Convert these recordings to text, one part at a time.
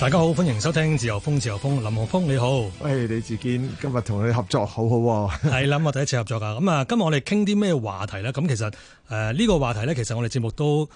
大家好，歡迎收聽自由風，自由風，林浩峰你好。喂，李志堅，今日同你合作好好，哦。係 啦，我第一次合作啊。咁啊，今日我哋傾啲咩話題呢？咁其實誒呢個話題呢，其實、呃這個、其實我哋節目都誒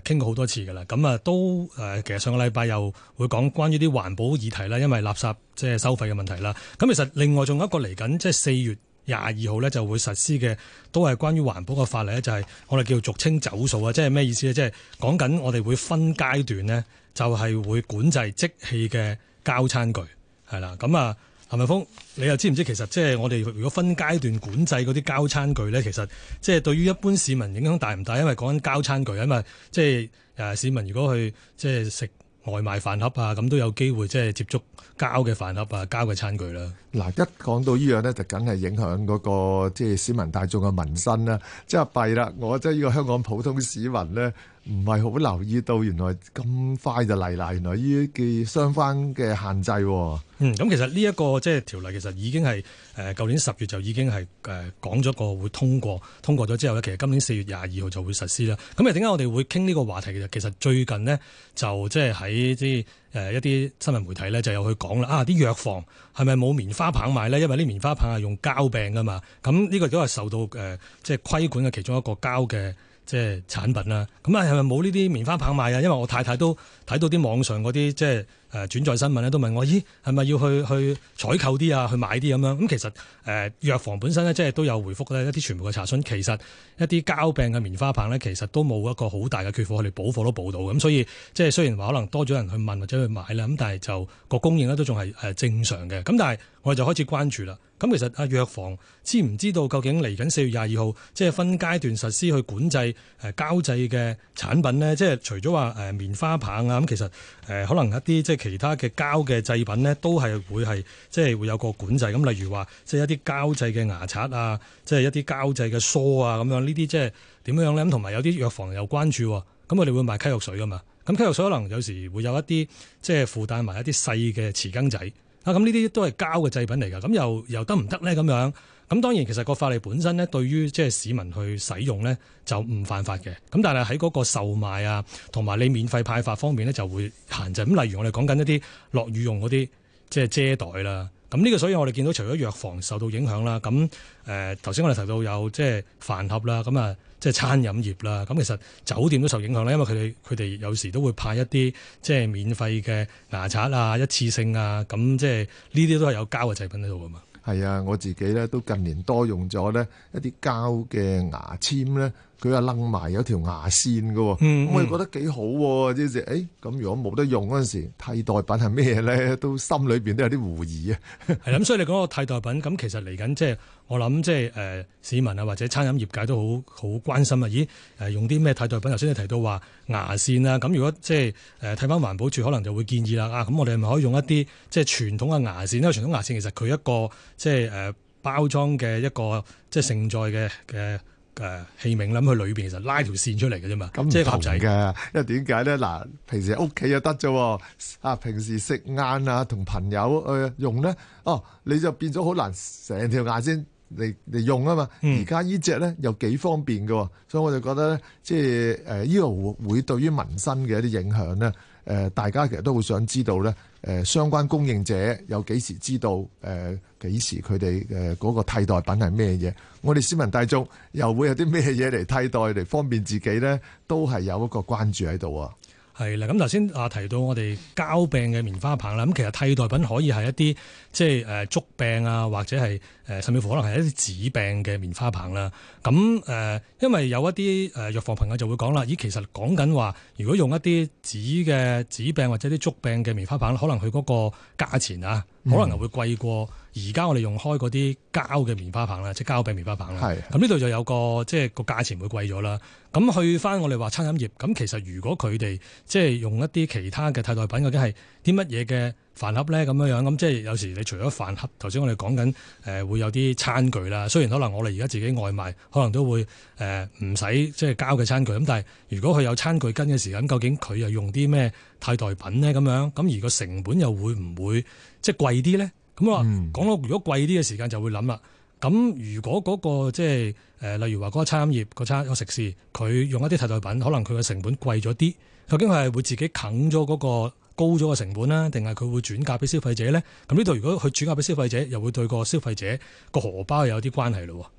傾、呃、過好多次噶啦。咁啊，都誒、呃、其實上個禮拜又會講關於啲環保議題啦，因為垃圾即係收費嘅問題啦。咁其實另外仲有一個嚟緊，即係四月廿二號呢就會實施嘅，都係關於環保嘅法例呢，就係、是、我哋叫俗稱走塑啊，即係咩意思呢？即係講緊我哋會分階段呢。就係會管制即棄嘅膠餐具係啦。咁啊，林文峰，你又知唔知其實即係我哋如果分階段管制嗰啲膠餐具咧，其實即係對於一般市民影響大唔大？因為講緊膠餐具啊嘛，即係誒市民如果去即係食，就是外賣飯盒啊，咁都有機會即係接觸膠嘅飯盒啊、膠嘅餐具啦。嗱，一講到呢樣咧，就梗係影響嗰個即係市民大眾嘅民生啦。即係弊啦，我即係呢個香港普通市民咧，唔係好留意到，原來咁快就嚟啦，原來呢啲嘅相關嘅限制。嗯，咁其實呢一個即係條例，其實已經係誒舊年十月就已經係誒講咗個會通過，通過咗之後咧，其實今年四月廿二號就會實施啦。咁誒點解我哋會傾呢個話題？其實其實最近呢，就即係喺啲誒一啲、呃、新聞媒體咧就有去講啦。啊，啲藥房係咪冇棉花棒賣咧？因為啲棉花棒係用膠柄噶嘛。咁呢個都係受到誒即係規管嘅其中一個膠嘅即係產品啦。咁啊係咪冇呢啲棉花棒賣啊？因為我太太都睇到啲網上嗰啲即係。就是誒轉載新聞咧都問我，咦係咪要去去採購啲啊，去買啲咁樣？咁其實誒、呃、藥房本身咧，即係都有回覆咧一啲全部嘅查詢。其實一啲膠柄嘅棉花棒咧，其實都冇一個好大嘅缺貨，我哋補貨都補到咁、嗯。所以即係雖然話可能多咗人去問或者去買啦，咁但係就個供應咧都仲係誒正常嘅。咁但係我哋就開始關注啦。咁其實啊藥房知唔知道究竟嚟緊四月廿二號即係分階段實施去管制誒膠製嘅產品呢？即係除咗話誒棉花棒啊，咁其實誒、呃、可能一啲即其他嘅膠嘅製品咧，都係會係即係會有個管制。咁例如話，即係一啲膠製嘅牙刷啊，即係一啲膠製嘅梳啊，咁樣呢啲即係點樣咧？咁同埋有啲藥房有關注喎，咁佢哋會賣咳藥水噶嘛？咁咳藥水可能有時會有一啲即係附帶埋一啲細嘅匙羹仔啊。咁呢啲都係膠嘅製品嚟噶。咁又又得唔得咧？咁樣？咁當然其實個法例本身咧，對於即係市民去使用咧，就唔犯法嘅。咁但係喺嗰個售賣啊，同埋你免費派發方面咧，就會限制，就是。咁例如我哋講緊一啲落雨用嗰啲即係遮袋啦。咁呢個所以我哋見到除咗藥房受到影響啦，咁誒頭先我哋提到有即係飯盒啦，咁啊即係餐飲業啦。咁其實酒店都受影響啦，因為佢哋佢哋有時都會派一啲即係免費嘅牙刷啊、一次性啊，咁即係呢啲都係有膠嘅製品喺度噶嘛。係啊，我自己咧都近年多用咗咧一啲膠嘅牙籤咧。佢話掕埋有條牙線嘅、哦，咁、嗯嗯、我哋覺得幾好喎、哦，即係咁。如果冇得用嗰陣時，替代品係咩咧？都心裏邊都有啲狐疑啊。係 啦，咁所以你講個替代品，咁其實嚟緊即係我諗，即係誒市民啊或者餐飲業界都好好關心啊。咦？誒用啲咩替代品？頭先你提到話牙線啦，咁如果即係誒睇翻環保署，可能就會建議啦。啊，咁我哋咪可以用一啲即係傳統嘅牙線咧。因為傳統牙線其實佢一個即係誒包裝嘅一個即係盛載嘅嘅。誒，器皿諗去裏邊其實拉條線出嚟嘅啫嘛，咁即係合齊嘅，因為點解咧？嗱，平時屋企又得啫，啊，平時食晏啊，同朋友去、呃、用咧，哦，你就變咗好難成條牙籤嚟嚟用啊嘛。而家、嗯、呢隻咧又幾方便嘅、啊，所以我就覺得咧，即係誒，呢個會會對於民生嘅一啲影響咧，誒、呃，大家其實都會想知道咧。誒相關供應者有幾時知道？誒、呃、幾時佢哋誒嗰個替代品係咩嘢？我哋市民大眾又會有啲咩嘢嚟替代嚟方便自己咧？都係有一個關注喺度啊！係啦，咁頭先啊提到我哋膠柄嘅棉花棒啦，咁其實替代品可以係一啲即係誒竹柄啊，或者係誒甚至乎可能係一啲紙柄嘅棉花棒啦。咁誒、呃，因為有一啲誒藥房朋友就會講啦，咦，其實講緊話，如果用一啲紙嘅紙柄或者啲竹柄嘅棉花棒，可能佢嗰個價錢啊，可能又會貴過、嗯。而家我哋用開嗰啲膠嘅棉花棒啦，即係膠柄棉花棒啦。咁呢度就有個即係個價錢會貴咗啦。咁去返我哋話餐飲業咁，其實如果佢哋即係用一啲其他嘅替代品，究竟係啲乜嘢嘅飯盒咧？咁樣樣咁，即係有時你除咗飯盒，頭先我哋講緊誒會有啲餐具啦。雖然可能我哋而家自己外賣可能都會誒唔使即係膠嘅餐具咁，但係如果佢有餐具跟嘅時間，究竟佢又用啲咩替代品咧？咁樣咁而個成本又會唔會即係貴啲咧？咁話講到如果貴啲嘅時間就會諗啦。咁如果嗰個即係誒，例如話嗰個餐飲業個餐個食肆，佢用一啲替代品，可能佢嘅成本貴咗啲，究竟佢係會自己啃咗嗰個高咗個成本啦，定係佢會轉嫁俾消費者呢？咁呢度如果佢轉嫁俾消費者，又會對個消費者個荷包有啲關係咯。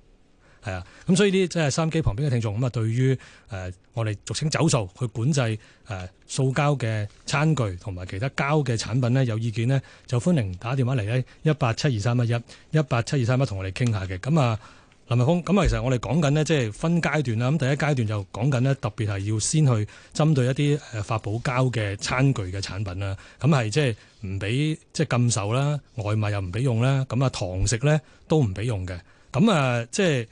係啊，咁、嗯、所以啲即係收音機旁邊嘅聽眾咁啊、嗯，對於誒、呃、我哋俗稱走數去管制誒、呃、塑膠嘅餐具同埋其他膠嘅產品呢，有意見呢，就歡迎打電話嚟咧一八七二三一一，一八七二三一同我哋傾下嘅。咁啊，林文峯，咁、嗯、啊其實我哋講緊呢，即係分階段啦。咁第一階段就講緊呢，特別係要先去針對一啲誒發泡膠嘅餐具嘅產品啦。咁、嗯、係即係唔俾即係禁售啦，外賣又唔俾用啦，咁啊堂食咧都唔俾用嘅。咁、嗯、啊、嗯、即係。即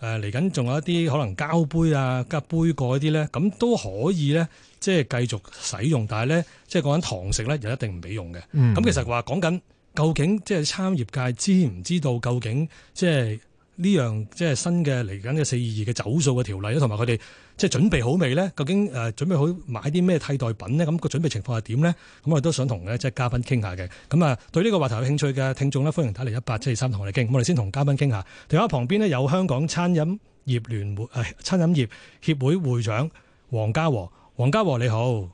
誒嚟緊仲有一啲可能膠杯啊、夾杯蓋啲咧，咁都可以咧，即係繼續使用。但係咧，即係講緊堂食咧，就一定唔俾用嘅。咁、嗯、其實話講緊究竟，即係餐業界知唔知道究竟，即係呢樣即係新嘅嚟緊嘅四二二嘅走塑嘅條例啊，同埋佢哋。即係準備好未呢？究竟誒準備好買啲咩替代品呢？咁個準備情況係點呢？咁我哋都想同咧即係嘉賓傾下嘅。咁啊，對呢個話題有興趣嘅聽眾呢，歡迎打嚟一八七二三同我哋傾。咁我哋先同嘉賓傾下。電話旁邊呢，有香港餐飲業聯會誒、啊、餐飲業協會會、會長黃家和。黃家和你好，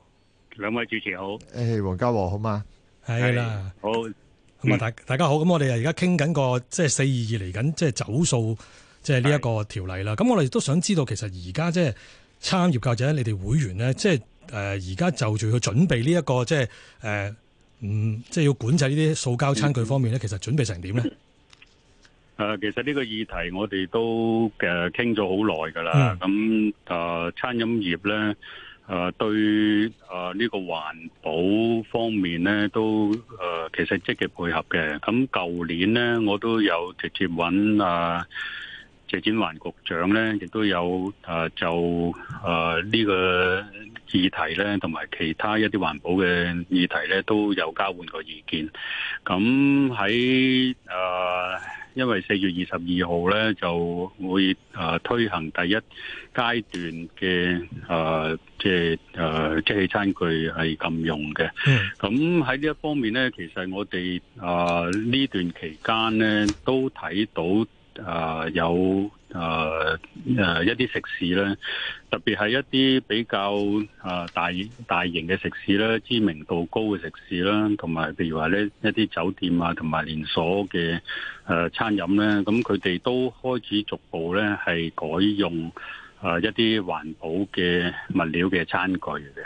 兩位主持好，誒黃、欸、家和好嘛？係啦，好咁啊！大大家好，咁我哋而家傾緊個即係四二二嚟緊，即係走數。即係呢一個條例啦，咁是我哋都想知道，其實而家即係餐飲業界咧，你哋會員咧，即係誒而家就住去準備呢、這、一個即係誒、呃，嗯，即係要管制呢啲塑膠餐具方面咧，其實準備成點咧？誒，其實呢個議題我哋都誒傾咗好耐噶啦，咁誒的、呃、餐飲業咧誒、呃、對誒呢、呃這個環保方面咧都誒、呃、其實積極配合嘅，咁舊年咧我都有直接揾啊。呃謝展寰局長咧，亦都有誒、呃，就誒呢、呃這個議題咧，同埋其他一啲環保嘅議題咧，都有交換過意見。咁喺誒，因為四月二十二號咧，就會誒、呃、推行第一階段嘅誒、呃，即係誒、呃、即係餐具係禁用嘅。咁喺呢一方面咧，其實我哋誒呢段期間咧，都睇到。啊、呃、有啊誒、呃呃、一啲食肆咧，特別係一啲比較啊大大型嘅食肆啦，知名度高嘅食肆啦，同埋譬如話呢一啲酒店啊，同埋連鎖嘅誒、呃、餐飲咧，咁佢哋都開始逐步咧係改用啊、呃、一啲環保嘅物料嘅餐具嘅。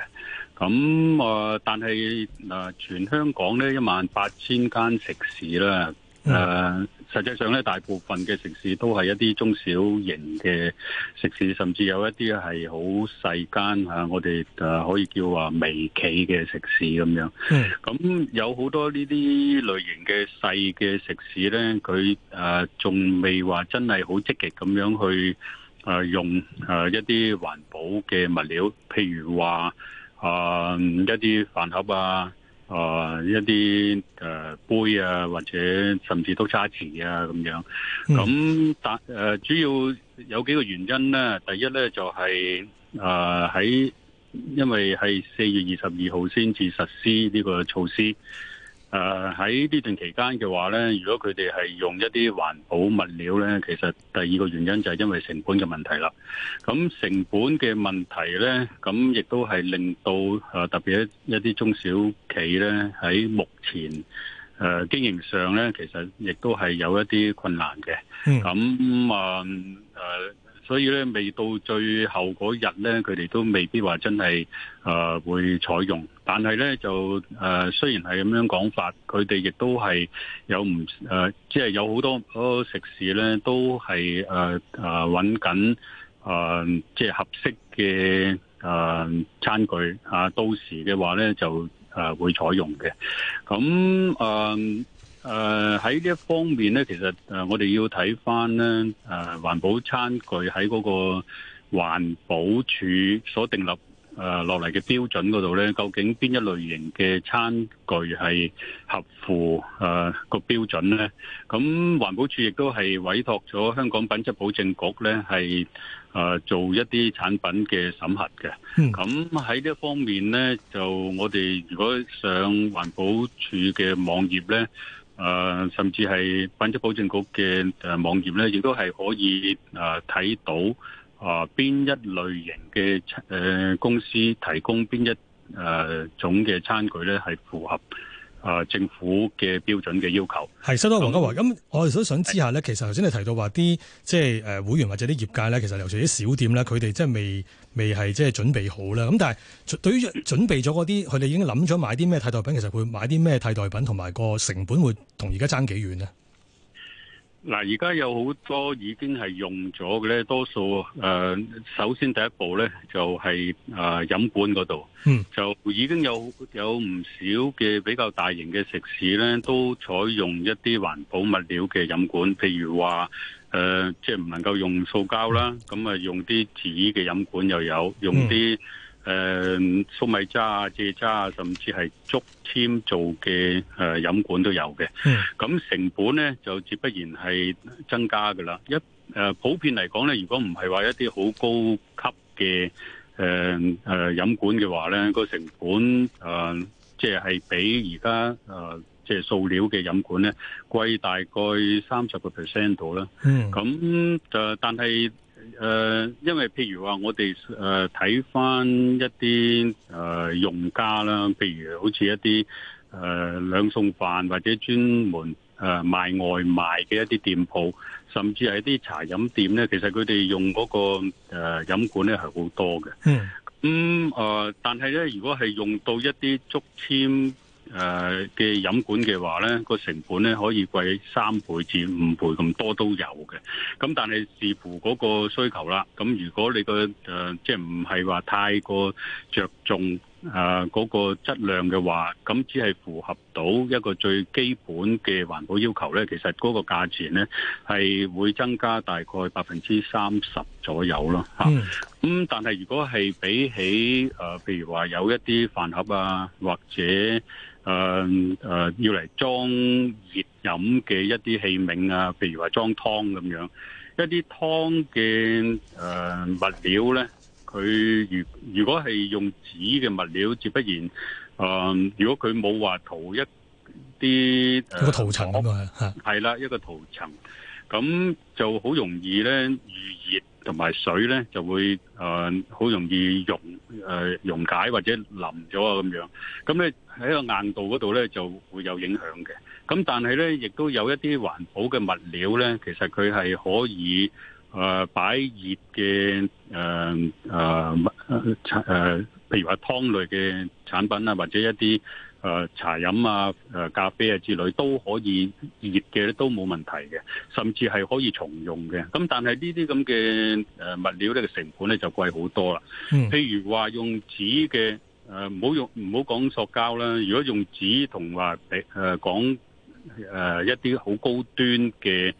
咁、嗯、啊、呃，但係啊、呃，全香港呢，一萬八千間食肆啦，誒、呃。嗯實際上咧，大部分嘅食肆都係一啲中小型嘅食肆，甚至有一啲係好細間嚇，我哋誒可以叫話微企嘅食肆咁樣。咁有好多呢啲類型嘅細嘅食肆咧，佢誒仲未話真係好積極咁樣去誒、呃、用誒、呃、一啲環保嘅物料，譬如話誒、呃、一啲飯盒啊。啊、哦！一啲誒、呃、杯啊，或者甚至都叉匙啊咁樣。咁但誒主要有幾個原因咧？第一咧就係啊喺，因為係四月二十二號先至實施呢個措施。誒，喺呢、uh, 段期間嘅話呢，如果佢哋係用一啲環保物料呢，其實第二個原因就係因為成本嘅問題啦。咁成本嘅問題呢，咁亦都係令到誒，特別一啲中小企呢，喺目前誒、呃、經營上呢，其實亦都係有一啲困難嘅。咁啊誒。呃呃所以咧，未到最後嗰日咧，佢哋都未必話真係誒、呃、會採用。但係咧，就誒、呃、雖然係咁樣講法，佢哋亦都係有唔誒、呃，即係有好多個食肆咧都係誒誒揾緊誒，即係合適嘅誒、呃、餐具啊。到時嘅話咧，就誒、呃、會採用嘅。咁誒。呃誒，喺呢、呃、一方面呢，其實誒、呃，我哋要睇翻咧，誒、呃，環保餐具喺嗰個環保署所訂立誒落嚟嘅標準嗰度呢，究竟邊一類型嘅餐具係合乎誒、呃那個標準咧？咁環保署亦都係委託咗香港品質保證局呢，係誒、呃、做一啲產品嘅審核嘅。咁喺呢一方面呢，就我哋如果上環保署嘅網頁呢。誒，甚至係品質保證局嘅誒網頁咧，亦都係可以誒睇到誒邊一類型嘅誒公司提供邊一誒種嘅餐具咧，係符合。啊！政府嘅標準嘅要求，係收到黃家和咁，嗯、我哋都想知下咧。其實頭先你提到話啲即係誒會員或者啲業界咧，其實尤其啲小店咧，佢哋即係未未係即係準備好咧。咁但係對於準備咗嗰啲，佢哋已經諗咗買啲咩替代品，其實會買啲咩替代品，同埋個成本會同而家爭幾遠呢？嗱，而家有好多已經係用咗嘅咧，多數誒、呃、首先第一步咧就係、是、誒、呃、飲管嗰度，就已經有有唔少嘅比較大型嘅食肆咧，都採用一啲環保物料嘅飲管，譬如話誒、呃，即係唔能夠用塑膠啦，咁啊用啲紙嘅飲管又有用啲。誒，粟、嗯、米渣、蔗渣，甚至係竹簽做嘅誒飲管都有嘅。咁、 嗯、成本咧就自不然係增加噶啦。一、嗯、誒，普遍嚟講咧，如果唔係話一啲好高級嘅誒誒飲管嘅話咧，個成本誒即係係比而家誒即係塑料嘅飲管咧貴大概三十個 percent 度啦。 嗯，咁就 但係。但誒，uh, 因為譬如話我哋誒睇返一啲誒、呃、用家啦，譬如好似一啲誒兩餸飯或者專門誒、呃、賣外賣嘅一啲店鋪，甚至係一啲茶飲店咧，其實佢哋用嗰、那個誒飲管咧係好多嘅。嗯、咁、呃、誒，但係咧如果係用到一啲竹簽。誒嘅飲管嘅話呢、呢個成本咧可以貴三倍至五倍咁多都有嘅，咁但係視乎嗰個需求啦。咁如果你個誒、呃、即係唔係話太過着重。誒，嗰、啊那個質量嘅話，咁只係符合到一個最基本嘅環保要求呢，其實嗰個價錢呢，係會增加大概百分之三十左右咯。吓、啊，咁、嗯、但係如果係比起誒、呃，譬如話有一啲飯盒啊，或者誒誒、呃呃、要嚟裝熱飲嘅一啲器皿啊，譬如話裝湯咁樣，一啲湯嘅誒物料呢。佢如如果係用紙嘅物料，自不然，嗯、呃，如果佢冇話塗一啲、呃、一個塗層啊，係啦，一個塗層，咁就好容易咧，遇熱同埋水咧就會，嗯、呃，好容易溶，誒、呃、溶解或者淋咗啊咁樣，咁咧喺個硬度嗰度咧就會有影響嘅，咁但係咧亦都有一啲環保嘅物料咧，其實佢係可以。誒，擺熱嘅，誒誒物，誒，譬、呃呃呃、如話湯類嘅產品啦，或者一啲誒、呃、茶飲啊、誒、呃、咖啡啊之類，都可以熱嘅咧，都冇問題嘅，甚至係可以重用嘅。咁但係呢啲咁嘅誒物料咧嘅成本咧就貴好多啦。譬、嗯、如話用紙嘅誒，唔、呃、好用唔好講塑膠啦。如果用紙同話誒講誒一啲好高端嘅。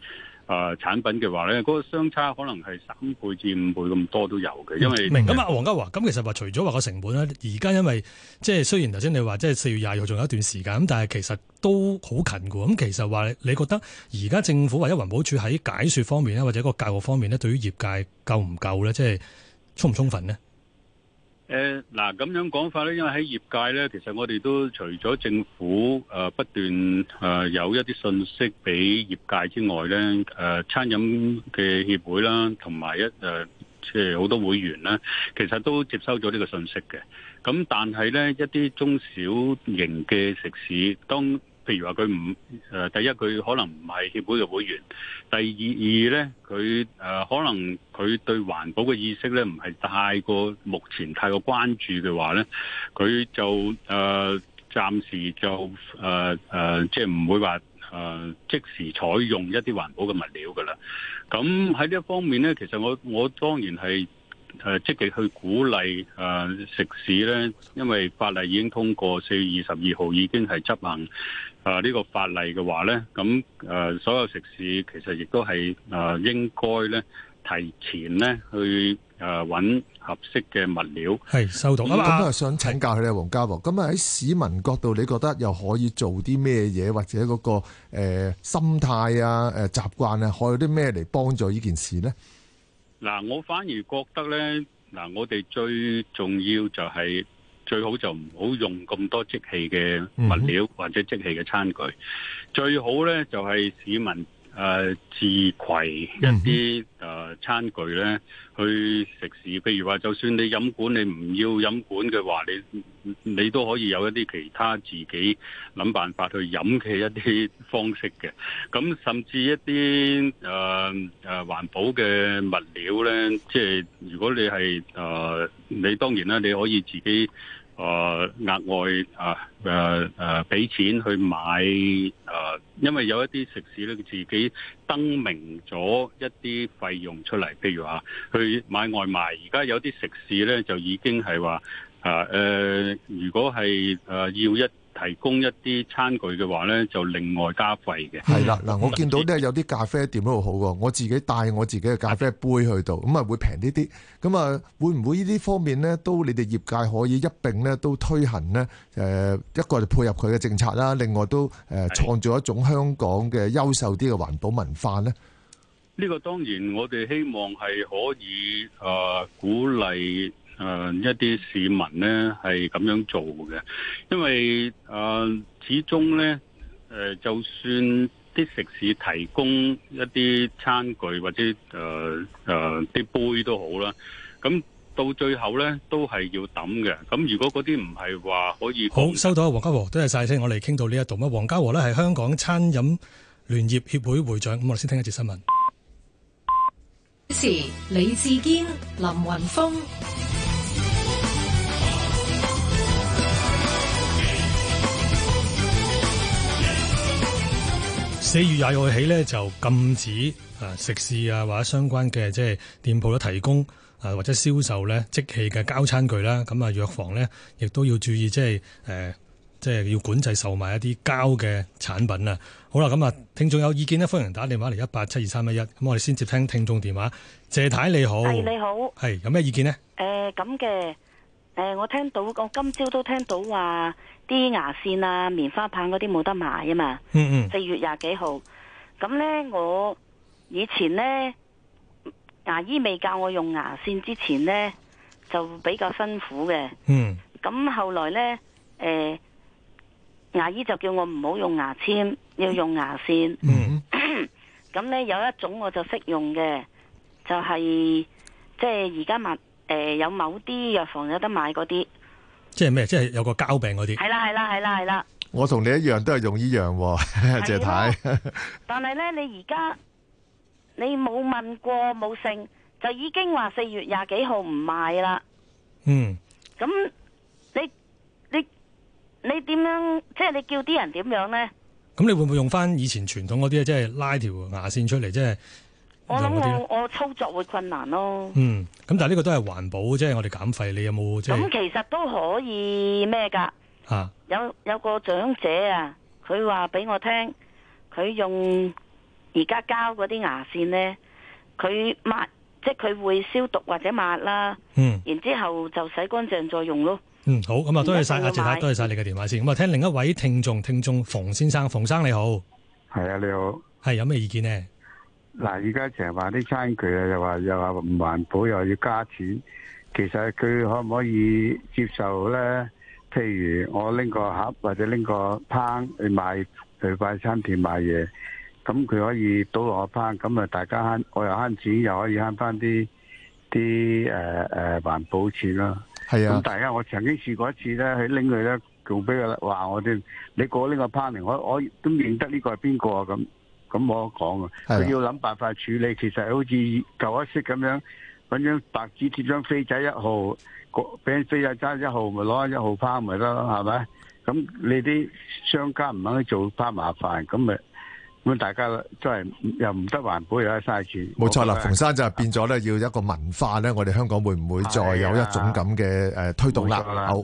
誒、啊、產品嘅話咧，嗰、那個相差可能係三倍至五倍咁多都有嘅，因為、嗯、明咁啊，黃家和，咁其實話除咗話個成本咧，而家因為即係雖然頭先你話即係四月廿二號仲有一段時間咁，但係其實都好近嘅。咁其實話你覺得而家政府或者環保署喺解説方面咧，或者個教育方面咧，對於業界夠唔夠咧，即係充唔充分呢？誒嗱，咁樣講法咧，因為喺業界咧，其實我哋都除咗政府誒不斷誒有一啲信息俾業界之外咧，誒餐飲嘅協會啦，同埋一誒即係好多會員啦，其實都接收咗呢個信息嘅。咁但係咧，一啲中小型嘅食肆，當譬如話佢唔誒，第一佢可能唔係協會嘅會員；第二二呢，佢誒可能佢對環保嘅意識呢唔係太過目前太過關注嘅話呢，佢就誒暫時、呃、就誒誒即係唔會話誒、呃、即時採用一啲環保嘅物料噶啦。咁喺呢一方面呢，其實我我當然係誒積極去鼓勵誒、呃、食肆呢，因為法例已經通過四月二十二號已經係執行。啊！呢個法例嘅話咧，咁誒，所有食肆其實亦都係誒，應該咧提前咧去誒，揾合適嘅物料係消毒啊嘛。咁啊，想請教下你，黃家和，咁啊喺市民角度，你覺得又可以做啲咩嘢，或者嗰個誒心態啊、誒習慣啊，可以啲咩嚟幫助呢件事咧？嗱，我反而覺得咧，嗱，我哋最重要就係。最好就唔好用咁多即棄嘅物料或者即棄嘅餐具，mm hmm. 最好呢，就係、係、市民誒、呃、自攜一啲誒、呃、餐具呢去食肆。譬如話，就算你飲管，你唔要飲管嘅話，你你都可以有一啲其他自己諗辦法去飲嘅一啲方式嘅。咁甚至一啲誒誒環保嘅物料呢，即係如果你係誒、呃、你當然啦，你可以自己。誒、呃、額外誒誒誒俾錢去買誒、呃，因為有一啲食肆咧，自己登明咗一啲費用出嚟，譬如話去買外賣。而家有啲食肆咧，就已經係話誒，如果係誒、呃、要一。提供一啲餐具嘅話呢，就另外加費嘅。係啦，嗱，我見到呢有啲咖啡店都好嘅，我自己帶我自己嘅咖啡杯去到，咁啊會平啲啲。咁啊，會唔會呢啲方面呢，都你哋業界可以一併呢都推行呢？誒，一個就配合佢嘅政策啦，另外都誒創造一種香港嘅優秀啲嘅環保文化呢。呢個當然，我哋希望係可以誒鼓勵。誒、呃、一啲市民呢係咁樣做嘅，因為誒、呃、始終呢，誒、呃，就算啲食肆提供一啲餐具或者誒誒啲杯都好啦，咁到最後呢都係要抌嘅。咁如果嗰啲唔係話可以好，收到啊，黃家和，多謝晒。先，我哋傾到呢一度乜？黃家和呢係香港餐飲聯業協會會長，咁我哋先聽一節新聞。主持李志堅、林雲峰。四月廿二日起呢就禁止，誒食肆，啊或者相關嘅即係店鋪都提供誒、啊、或者銷售呢即棄嘅膠餐具啦，咁啊藥房呢亦都要注意即係誒即係要管制售賣一啲膠嘅產品啊。好啦，咁啊聽眾有意見呢，歡迎打電話嚟一八七二三一一，咁我哋先接聽聽眾電話。謝太，太你好，係你好，係有咩意見呢？誒、呃，咁嘅。誒、呃，我聽到我今朝都聽到話啲牙線啊、棉花棒嗰啲冇得買啊嘛。嗯嗯。四月廿幾號，咁咧我以前咧牙醫未教我用牙線之前咧就比較辛苦嘅。嗯。咁後來咧，誒、呃、牙醫就叫我唔好用牙籤，要用牙線。嗯。咁咧 有一種我就識用嘅，就係、是、即係而家物。誒、呃，有某啲藥房有得買嗰啲，即係咩？即係有個膠餅嗰啲。係啦係啦係啦係啦。啦啦 我同你一樣都係用依樣，謝太太。 但係呢，你而家你冇問過冇性，就已經話四月廿幾號唔賣啦。嗯。咁你你你點樣？即係你叫啲人點樣呢？咁你會唔會用翻以前傳統嗰啲咧？即係拉條牙綫出嚟，即係。我諗我我操作會困難咯。嗯，咁但係呢個都係環保，即係我哋減廢，你有冇咁、嗯、其實都可以咩㗎？啊，有有個長者啊，佢話俾我聽，佢用而家膠嗰啲牙綫咧，佢抹即係佢會消毒或者抹啦。嗯，然之後就洗乾淨再用咯。嗯，好，咁、嗯、啊、哦，多謝晒阿陳太，多謝晒你嘅電話先。咁啊，聽另一位聽眾聽眾馮先生，馮生你好。係啊，你好。係有咩意見呢？嗱，而家成日話啲餐具啊，又話又話唔環保，又要加錢。其實佢可唔可以接受咧？譬如我拎個盒或者拎個烹，去買去快餐店買嘢，咁佢可以倒落個烹，咁啊大家慳，我又慳錢，又可以慳翻啲啲誒誒環保錢咯。係啊，咁大家我曾經試過一次咧，佢拎佢咧，仲俾佢話我啲，你過拎個烹嚟，我我都認得呢個係邊個啊咁。咁冇得講啊，佢要諗辦法處理，其實好似舊一式咁樣，揾張白紙貼張飛仔一號，俾飛仔揸一號,號，咪攞一號包咪得咯，係咪？咁你啲商家唔肯去做怕麻煩，咁咪咁大家真係又唔得環保，又嘥曬樹。冇錯啦，馮生就係變咗咧，要一個文化咧，啊、我哋香港會唔會再有一種咁嘅誒推動、哎、呀力啦？好。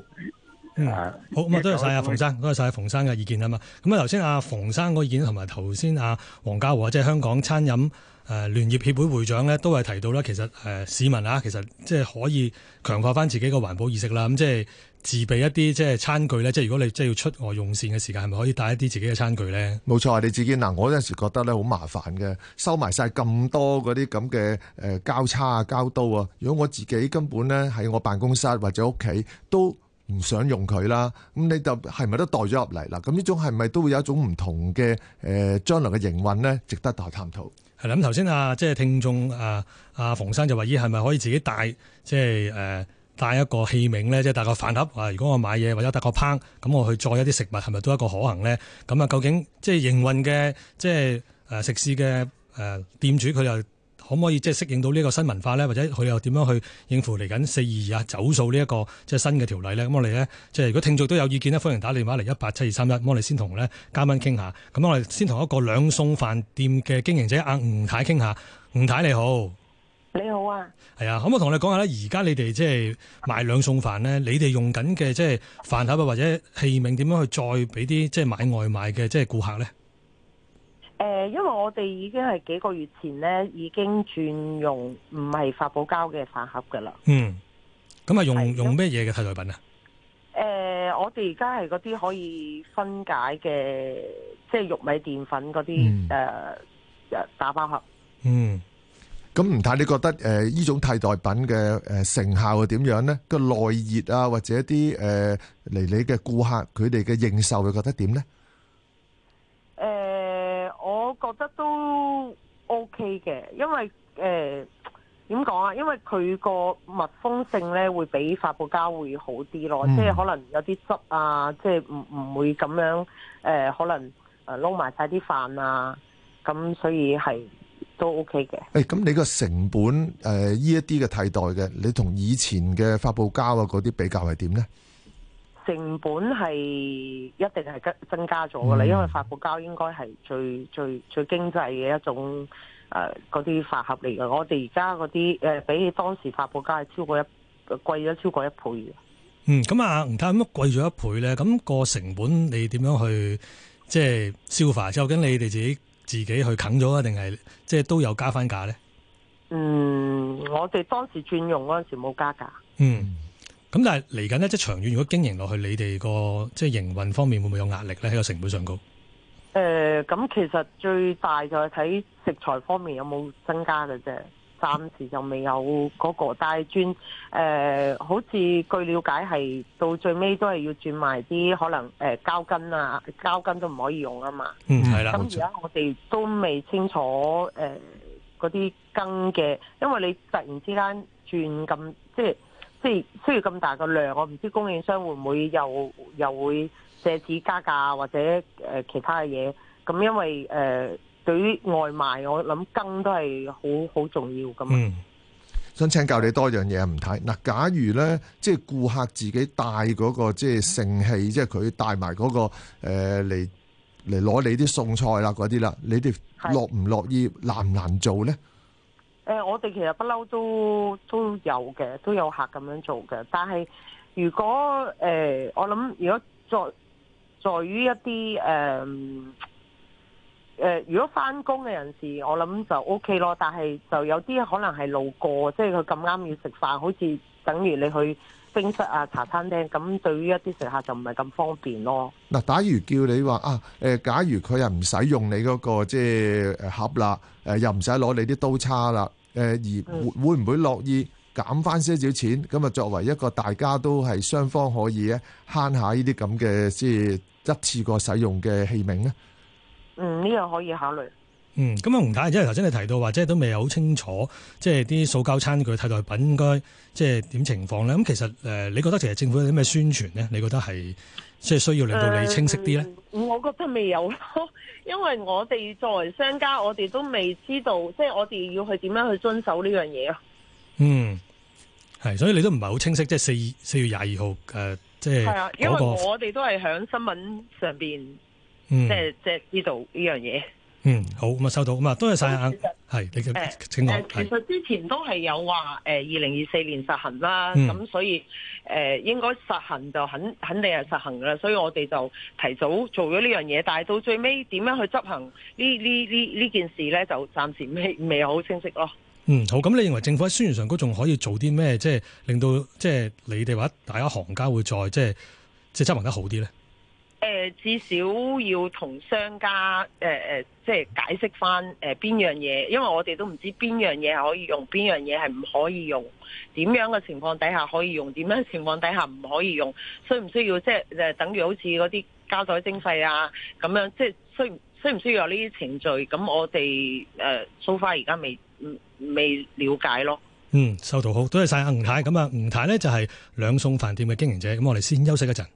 嗯，好，咁啊，多謝晒阿馮生，多謝晒阿馮生嘅意見啊嘛。咁啊，頭先阿馮生嗰個意見，同埋頭先阿黃家和，即係香港餐飲誒聯業協會會長咧，都係提到咧，其實誒市民啊，其實即係可以強化翻自己個環保意識啦。咁即係自備一啲即係餐具咧，即係如果你即係要出外用膳嘅時間，係咪可以帶一啲自己嘅餐具咧？冇錯，你自己。嗱，我有陣時覺得咧好麻煩嘅，收埋晒咁多嗰啲咁嘅誒交叉啊、交刀啊。如果我自己根本咧喺我辦公室或者屋企都。唔想用佢啦，咁你就係咪都袋咗入嚟啦？咁呢種係咪都會有一種唔同嘅誒將來嘅營運呢？值得大家探討。係啦，咁頭先啊，即係聽眾啊，阿馮生就話咦，係咪可以自己帶即係誒帶一個器皿呢？即係帶個飯盒啊？如果我買嘢或者帶個烹咁，我去載一啲食物係咪都一個可行呢？咁啊，究竟即係營運嘅即係誒食肆嘅誒店主佢又可唔可以即係適應到呢一個新文化咧，或者佢又點樣去應付嚟緊四二二啊走數呢一個即係新嘅條例咧？咁我哋咧即係如果聽眾都有意見咧，歡迎打電話嚟一八七二三一。咁我哋先同咧嘉賓傾下。咁我哋先同一個兩餸飯店嘅經營者阿吳太傾下。吳太,談談談吳太你好，你好啊，係啊，可唔可以同你講下咧？而家你哋即係賣兩餸飯咧，你哋用緊嘅即係飯盒，啊或者器皿點樣去再俾啲即係買外賣嘅即係顧客咧？誒，因為我哋已經係幾個月前咧，已經轉用唔係發泡膠嘅飯盒噶啦。嗯，咁啊，中用用咩嘢嘅替代品啊？誒、呃，我哋而家係嗰啲可以分解嘅，即係玉米澱粉嗰啲誒，打包盒。嗯，咁吳太你覺得誒，呢、呃、種替代品嘅誒成效係點樣咧？個耐熱啊，或者啲誒嚟你嘅顧客佢哋嘅認受會覺得點咧？覺得都 OK 嘅，因為誒點講啊？因為佢個密封性咧會比發泡膠會好啲咯，嗯、即係可能有啲汁啊，即係唔唔會咁樣誒、呃，可能誒撈埋晒啲飯啊，咁所以係都 OK 嘅。誒、欸，咁你個成本誒呢一啲嘅替代嘅，你同以前嘅發泡膠啊嗰啲比較係點咧？成本係一定係增加咗噶啦，因為發泡膠應該係最最最經濟嘅一種誒嗰啲飯盒嚟噶。我哋而家嗰啲誒比起當時發泡膠係超過一貴咗超過一倍嘅，嗯。嗯，咁啊吳太乜啊貴咗一倍咧，咁個成本你點樣去即係消化？究竟你哋自己自己去啃咗啊，定係即係都有加翻價咧？嗯，我哋當時轉用嗰陣時冇加價。嗯。咁但係嚟緊咧，即係長遠，如果經營落去，你哋個即係營運方面會唔會有壓力咧？喺個成本上高？誒、呃，咁其實最大就係睇食材方面有冇增加嘅啫，暫時就未有嗰、那個。但係誒，好似據了解係到最尾都係要轉埋啲可能誒膠、呃、筋啊，膠筋都唔可以用啊嘛。嗯，係啦。咁而家我哋都未清楚誒嗰啲筋嘅，因為你突然之間轉咁即係。即係需要咁大嘅量，我唔知供應商會唔會又又會借此加價或者誒其他嘅嘢。咁因為誒、呃、對於外賣，我諗羹都係好好重要噶嘛、嗯。想請教你多樣嘢唔睇嗱，假如咧即係顧客自己帶嗰、那個、就是嗯、即係盛器，即係佢帶埋嗰個誒嚟嚟攞你啲餸菜啦，嗰啲啦，你哋樂唔樂意，難唔難做咧？誒，我哋其實不嬲都都有嘅，都有客咁樣做嘅。但係如果誒、呃，我諗如果在在於一啲誒誒，如果翻工嘅人士，我諗就 OK 咯。但係就有啲可能係路過，即係佢咁啱要食飯，好似等於你去冰室啊，茶餐廳咁，對於一啲食客就唔係咁方便咯。嗱、啊，假如叫你話、嗰個即係、啊，誒，假如佢又唔使用用你嗰個即係盒啦，誒，又唔使攞你啲刀叉啦，誒、啊，而會唔會樂意減翻少少錢？咁啊、嗯，作為一個大家都係雙方可以咧慳下呢啲咁嘅即係一次過使用嘅器皿咧？嗯，呢、這、樣、個、可以考慮。嗯，咁啊，洪太即係頭先你提到話，即係都未有好清楚，即係啲塑膠餐具替代品應該即係點情況咧？咁其實誒、呃，你覺得其實政府有啲咩宣傳咧？你覺得係即係需要令到你清晰啲咧、呃？我覺得未有咯，因為我哋作為商家，我哋都未知道，即係我哋要去點樣去遵守呢樣嘢啊。嗯，係，所以你都唔係好清晰，即係四四月廿二號誒，即係嗰個。係啊，那個、因為我哋都係喺新聞上邊，即係即係知道呢樣嘢。嗯嗯，好，咁啊收到，咁啊多謝晒，係實你嘅，呃、請我、呃、是其實之前都係有話，誒，二零二四年實行啦，咁、嗯、所以誒、呃，應該實行就肯肯定係實行噶啦，所以我哋就提早做咗呢樣嘢，但係到最尾點樣去執行呢、呢呢呢件事咧，就暫時未未好清晰咯。嗯，好，咁你認為政府喺宣傳上都仲可以做啲咩？即係令到即係你哋或者大家行家會再即係即係執行得好啲咧？誒、呃，至少要同商家誒誒，即、呃、係、呃、解釋翻誒邊樣嘢，因為我哋都唔知邊樣嘢係可以用，邊樣嘢係唔可以用，點樣嘅情況底下可以用，點樣嘅情況底下唔可以用，需唔需要即係誒等於好似嗰啲膠袋徵費啊，咁樣即係需需唔需要有呢啲程序？咁我哋誒 so far 而家未未了解咯。嗯，收到好，多謝晒阿吳太。咁啊，吳太咧就係、是、兩餸飯店嘅經營者。咁我哋先休息一陣。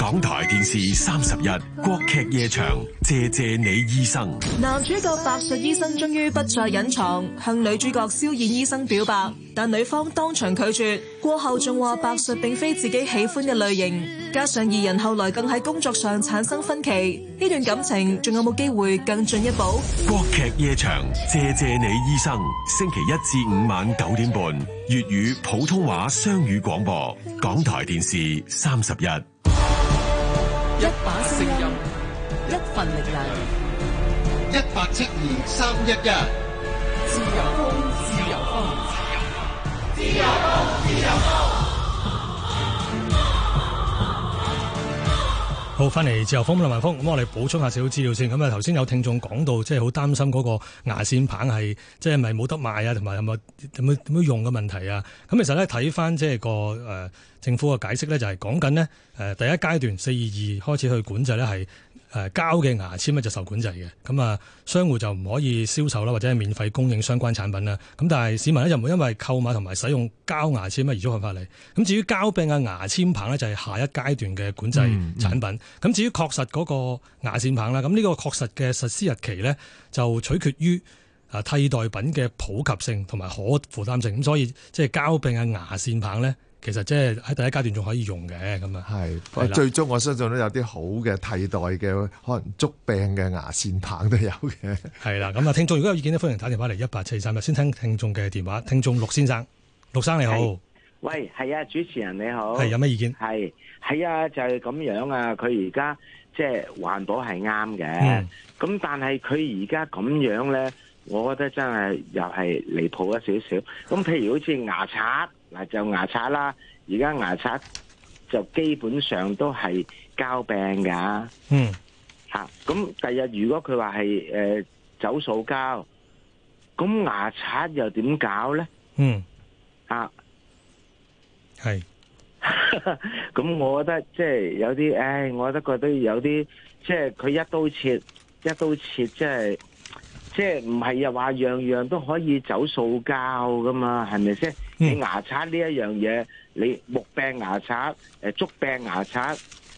港台電視三十日，國劇夜場，謝謝你醫生。男主角白術醫生終於不再隱藏，向女主角蕭燕醫生表白，但女方當場拒絕，過後仲話白術並非自己喜歡嘅類型，加上二人後來更喺工作上產生分歧，呢段感情仲有冇機會更進一步？國劇夜場，謝謝你醫生。星期一至五晚九點半，粵語普通話雙語廣播，港台電視三十日。一把聲音，一份力量，一八七二三一一。好，翻嚟自由風嘅聞風，咁我哋補充下少少資料先。咁啊，頭先有聽眾講到，即係好擔心嗰個牙線棒係，即係咪冇得賣啊，同埋有冇有冇點樣用嘅問題啊？咁其實咧睇翻即係個誒、呃、政府嘅解釋咧，就係講緊呢，誒、呃、第一階段四二二開始去管制咧，係。誒膠嘅牙籤咧就受管制嘅，咁啊商戶就唔可以銷售啦，或者係免費供應相關產品啦。咁但係市民呢，就唔會因為購買同埋使用膠牙籤咧而觸犯法例。咁至於膠柄嘅牙籤棒呢，就係下一階段嘅管制產品。咁、嗯嗯、至於確實嗰個牙線棒啦，咁、這、呢個確實嘅實施日期呢，就取決於誒替代品嘅普及性同埋可負擔性。咁所以即係膠柄嘅牙線棒呢。其實即係喺第一階段仲可以用嘅，咁啊，係是，的最終我相信都有啲好嘅替的代嘅，可能竹柄嘅牙線棒都有嘅，係啦。咁啊，聽眾如果有意見咧，歡迎打電話嚟一八七三八。先聽聽眾嘅電話，聽眾陸先生，陸生你好。喂，係啊，主持人你好，係有咩意見？係係啊，就係、是、咁樣啊，佢而家即係環保係啱嘅，咁、嗯、但係佢而家咁樣咧，我覺得真係又係離譜一少少。咁譬如好似牙刷。嗱，就牙刷啦，而家牙刷就基本上都係膠病噶嗯，吓，咁第日如果佢話係誒走塑膠，咁牙刷又點搞咧？嗯，吓，係，咁我覺得即係有啲，唉，我都覺得有啲，即係佢一刀切，一刀切，即係，即係唔係又話樣樣都可以走塑膠噶嘛？係咪先？你、嗯、牙刷呢一樣嘢，你木柄牙刷、誒竹柄牙刷，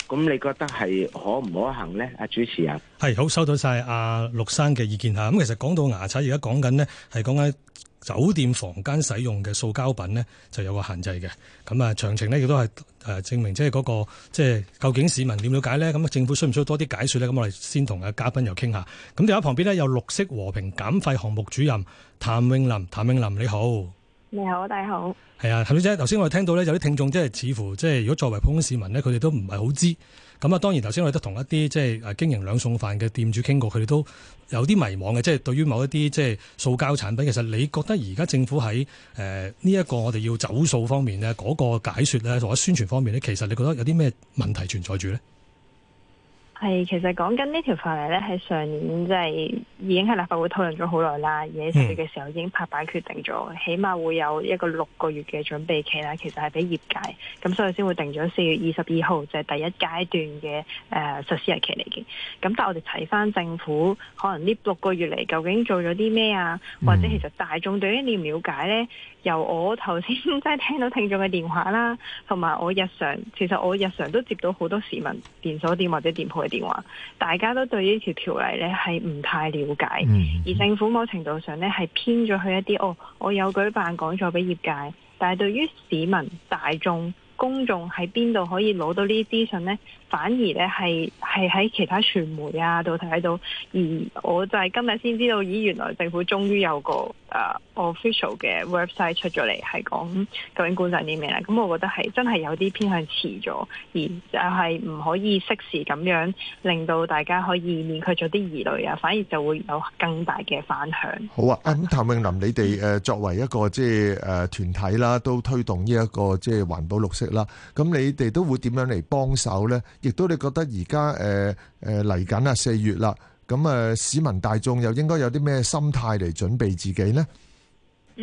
咁你覺得係可唔可行呢？阿主持人，係好收到晒、啊。阿陸生嘅意見嚇。咁、啊、其實講到牙刷，而家講緊呢係講緊酒店房間使用嘅塑膠品呢，就有個限制嘅。咁啊，詳情呢亦都係誒證明，即係嗰、那個即係究竟市民點了解呢？咁啊，政府需唔需要多啲解說呢？咁我哋先同阿嘉賓又傾下。咁電話旁邊呢，有綠色和平減廢項目主任譚穎琳，譚穎琳你好。你好。你好，大家好。係啊，譚小姐，頭先我哋聽到咧，有啲聽眾即係似乎即係，如果作為普通市民咧，佢哋都唔係好知。咁啊，當然頭先我哋都同一啲即係誒經營兩餸飯嘅店主傾過，佢哋都有啲迷茫嘅，即係對於某一啲即係塑膠產品。其實你覺得而家政府喺誒呢一個我哋要走塑方面呢，嗰個解說咧，或者宣傳方面呢，其實你覺得有啲咩問題存在住咧？係，其實講緊呢條法例咧，喺上年即係已經喺立法會討論咗好耐啦。二月嘅時候已經拍板決定咗，起碼會有一個六個月嘅準備期啦。其實係俾業界咁，所以先會定咗四月二十二號就係、是、第一階段嘅誒、呃、實施日期嚟嘅。咁但係我哋睇返政府，可能呢六個月嚟究竟做咗啲咩啊？或者其實大眾對於你唔瞭解咧？由我頭先即係聽到聽眾嘅電話啦，同埋我日常其實我日常都接到好多市民、連鎖店或者店鋪嘅電話，大家都對呢條條例呢係唔太了解，而政府某程度上呢係偏咗去一啲哦，我有舉辦講座畀業界，但係對於市民、大眾、公眾喺邊度可以攞到資訊呢啲資訊呢？反而咧係係喺其他傳媒啊度睇到，而我就係今日先知道，咦原來政府終於有個誒、uh, official 嘅 website 出咗嚟，係講究竟講緊啲咩啦？咁、嗯、我覺得係真係有啲偏向遲咗，而就係唔可以適時咁樣令到大家可以免去咗啲疑慮啊，反而就會有更大嘅反響。好啊，咁譚穎琳，你哋誒作為一個即係誒團體啦，都推動呢一個即係環保綠色啦，咁你哋都會點樣嚟幫手咧？亦都你覺得而家誒誒嚟緊啊四月啦，咁、呃、啊市民大眾又應該有啲咩心態嚟準備自己呢？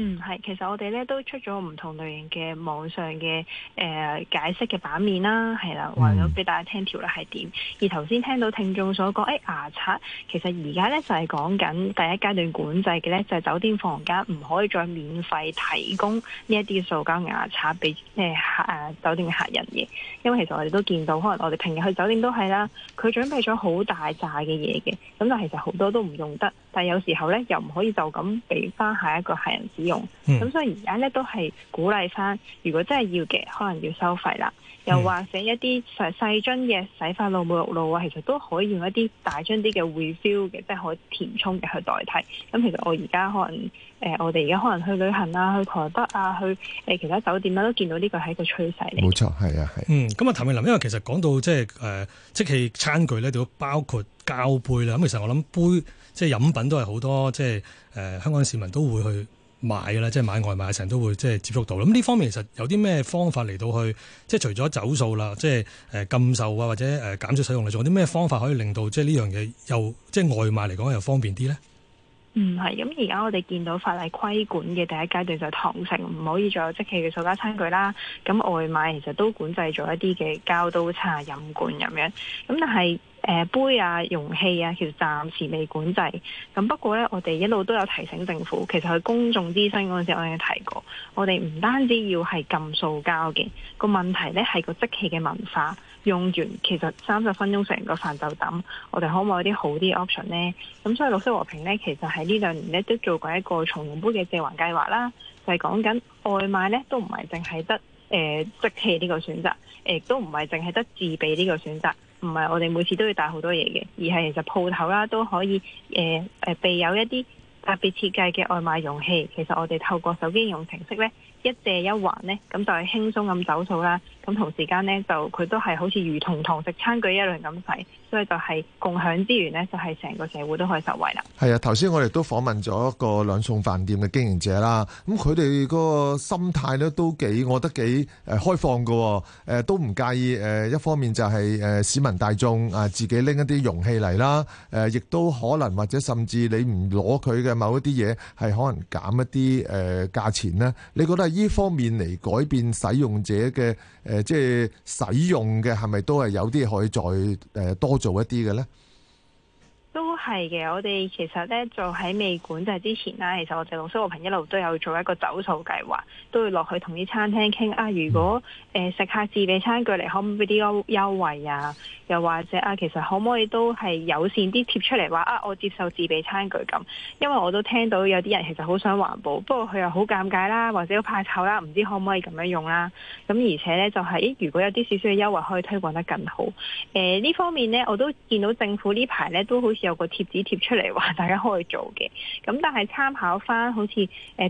嗯，係，其實我哋咧都出咗唔同類型嘅網上嘅誒、呃、解釋嘅版面啦，係啦，話咗俾大家聽條例係點。而頭先聽到聽眾所講誒、哎、牙刷其實而家咧就係講緊第一階段管制嘅咧，就係、是、酒店房間唔可以再免費提供呢一啲塑膠牙刷俾誒客誒酒店嘅客人嘅。因為其實我哋都見到，可能我哋平日去酒店都係啦，佢準備咗好大扎嘅嘢嘅，咁但其實好多都唔用得，但係有時候咧又唔可以就咁俾翻下一個客人用，咁所以而家咧都係鼓勵翻，如果真係要嘅，可能要收費啦。又或者一啲細樽嘅洗髮露、沐浴露啊，其實都可以用一啲大樽啲嘅 refill 嘅，即係可以填充嘅去代替。咁、嗯、其實我而家可能誒、呃，我哋而家可能去旅行啦、去台北啊、去誒其他酒店啦，都見到呢個係一個趨勢嚟。冇錯，係啊，係。嗯、咁、呃、啊，譚穎琳，因為其實講到、呃、即係誒、呃、即係餐具咧，都包括膠杯啦。咁其實我諗杯即係飲品都係好多，即係誒、呃、香港市民都會去。買嘅啦，即係買外賣成日都會即係接觸到。咁呢方面其實有啲咩方法嚟到去，即係除咗走數啦，即係誒禁售啊，或者誒減少使用。嚟仲有啲咩方法可以令到即係呢樣嘢又即係外賣嚟講又方便啲呢？唔係咁，而家、嗯、我哋見到法例規管嘅第一階段就係堂食，唔可以再有即棄嘅塑膠餐具啦。咁外賣其實都管制咗一啲嘅膠刀叉、飲管。咁樣。咁但係誒杯啊、容器啊，其實暫時未管制。咁不過呢，我哋一路都有提醒政府，其實喺公眾諮詢嗰陣時，我哋有提過，我哋唔單止要係禁塑膠嘅個問題呢，係個即棄嘅文化。用完，其實三十分鐘食完個飯就抌，我哋可唔可以啲好啲 option 呢？咁所以綠色和平呢，其實喺呢兩年呢，都做過一個重用杯嘅借還計劃啦，就係講緊外賣呢，都唔係淨係得誒即棄呢個選擇，誒、呃、亦都唔係淨係得自備呢個選擇，唔係我哋每次都要帶好多嘢嘅，而係其實鋪頭啦都可以誒誒、呃、備有一啲特別設計嘅外賣容器，其實我哋透過手機用程式呢。一借一還呢，咁就係輕鬆咁走數啦。咁同時間呢，就佢都係好似如同堂食餐具一樣咁洗。所以就係共享資源咧，就係、是、成個社會都可以受惠啦。係啊，頭先我哋都訪問咗一個兩餸飯店嘅經營者啦。咁佢哋個心態咧都幾，我覺得幾誒開放嘅，哦。誒、呃、都唔介意誒、呃、一方面就係誒市民大眾啊，自己拎一啲容器嚟啦。誒、呃、亦都可能或者甚至你唔攞佢嘅某一啲嘢，係可能減一啲誒、呃、價錢咧。你覺得係依方面嚟改變使用者嘅誒、呃、即係使，使用嘅係咪都係有啲可以再誒、呃、多？做一啲嘅咧。都係嘅，我哋其實呢就喺未管制，就係之前啦。其實我哋綠色和平一路都有做一個走塑計劃，都會落去同啲餐廳傾啊。如果誒、呃、食客自備餐具嚟，可唔可以俾啲優惠啊？又或者啊，其實可唔可以都係友善啲貼出嚟話啊？我接受自備餐具咁，因為我都聽到有啲人其實好想環保，不過佢又好尷尬啦，或者好怕醜啦，唔知可唔可以咁樣用啦、啊？咁而且呢，就係、是呃、如果有啲少少嘅優惠，可以推廣得更好。誒、呃、呢方面呢，我都見到政府呢排呢都好似。有個貼紙貼出嚟話大家可以做嘅。咁但係參考返好似誒台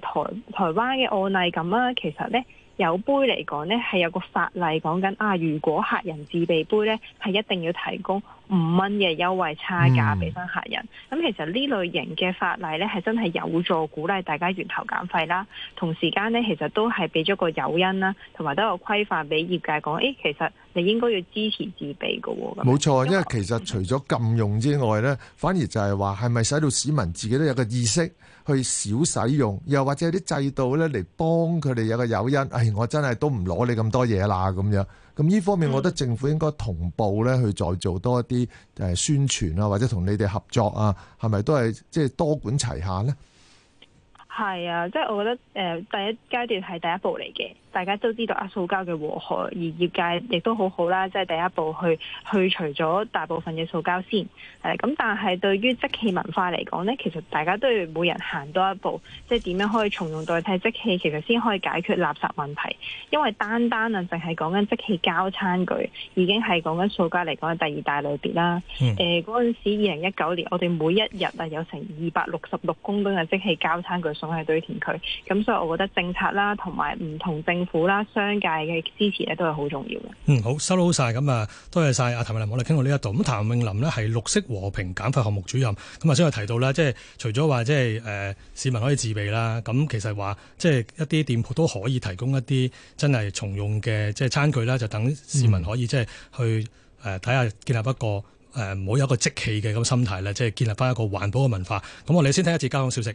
台灣嘅案例咁啦，其實呢，有杯嚟講呢係有個法例講緊啊，如果客人自備杯呢，係一定要提供。五蚊嘅優惠差價俾翻、嗯、客人，咁其實呢類型嘅法例呢，係真係有助鼓勵大家源頭減廢啦。同時間呢，其實都係俾咗個誘因啦，同埋都有規範俾業界講，誒、哎、其實你應該要支持自備嘅。冇錯，因為其實除咗禁用之外呢，反而就係話係咪使到市民自己都有個意識去少使用，又或者有啲制度呢嚟幫佢哋有個誘因。誒、哎，我真係都唔攞你咁多嘢啦咁樣。咁呢方面，我覺得政府應該同步咧去再做多一啲誒宣傳啊，或者同你哋合作啊，係咪都係即係多管齊下咧？係啊，即係我覺得誒第一階段係第一步嚟嘅。大家都知道啊，塑膠嘅禍害，而業界亦都好好啦，即係第一步去去除咗大部分嘅塑膠先。誒，咁但係對於即棄文化嚟講呢，其實大家都要每人行多一步，即係點樣可以重用代替即棄，其實先可以解決垃、垃圾問題。因為單單啊，淨係講緊即棄膠餐具已經係講緊塑膠嚟講嘅第二大類別啦。誒、嗯，嗰陣、呃、時二零一九年，我哋每一日啊有成二百六十六公噸嘅即棄膠餐具送係堆填區，咁所以，我覺得政策啦，同埋唔同政政府啦、商界嘅支持咧，都係好重要嘅。嗯，好，收得好晒。咁啊，多謝晒阿譚穎琳，我哋傾到呢一度。咁譚穎琳呢，係綠色和平減廢項目主任。咁啊，頭先我提到啦，即係除咗話即係誒，市民可以自備啦。咁其實話即係一啲店鋪都可以提供一啲真係重用嘅即係餐具啦，就等市民可以即係、嗯、去誒睇下建立一個誒唔好、呃、有一個即棄嘅咁心態啦，即係建立翻一個環保嘅文化。咁我哋先聽一次交通消息。